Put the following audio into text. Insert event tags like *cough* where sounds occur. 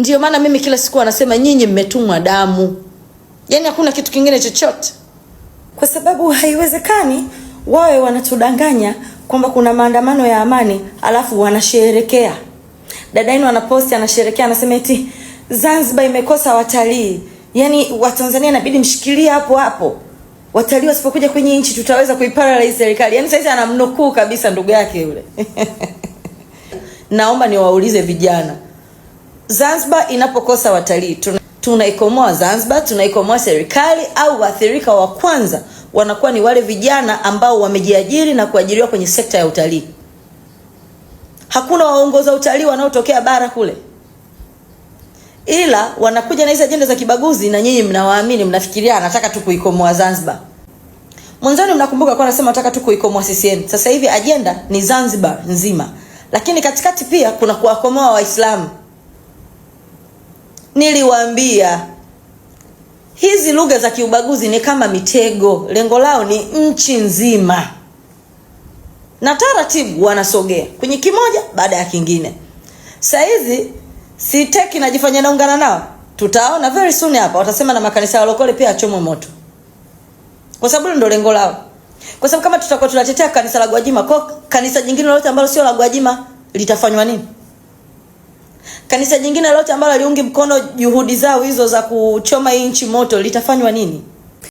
Ndio maana mimi kila siku anasema nyinyi mmetumwa damu, yaani hakuna kitu kingine chochote, kwa sababu haiwezekani wawe wanatudanganya kwamba kuna maandamano ya amani alafu wanasherekea. Dada yenu anaposti anasherekea, anasema eti Zanzibar imekosa watalii. Yaani Watanzania inabidi mshikilie hapo hapo, watalii wasipokuja kwenye nchi tutaweza kuiparalyze serikali. Yaani sasa anamnukuu kabisa ndugu yake yule. *laughs* Naomba niwaulize vijana Zanzibar inapokosa watalii tunaikomoa Zanzibar, tunaikomoa serikali, au waathirika wa kwanza wanakuwa ni wale vijana ambao wamejiajiri na kuajiriwa kwenye sekta ya utalii. Hakuna waongoza utalii wanaotokea bara kule, ila wanakuja na hizi ajenda za kibaguzi, na nyinyi mnawaamini, mnafikiria anataka tu kuikomoa Zanzibar. Mwanzoni mnakumbuka kwa anasema nataka tu kuikomoa CCM. Sasa hivi ajenda ni Zanzibar nzima, lakini katikati pia kuna kuwakomoa Waislamu niliwaambia hizi lugha za kiubaguzi ni kama mitego, lengo lao ni nchi nzima, na taratibu wanasogea kwenye kimoja baada ya kingine. Sasa hizi siteki najifanya naungana nao, tutaona very soon hapa watasema na makanisa ya walokole pia achomwe moto, kwa sababu ndio lengo lao, kwa sababu kama tutakuwa tunatetea kanisa la Gwajima, kwa kanisa jingine lolote ambalo sio la Gwajima litafanywa nini? Kanisa jingine lote ambalo aliungi mkono juhudi zao hizo za kuchoma hii nchi moto litafanywa nini?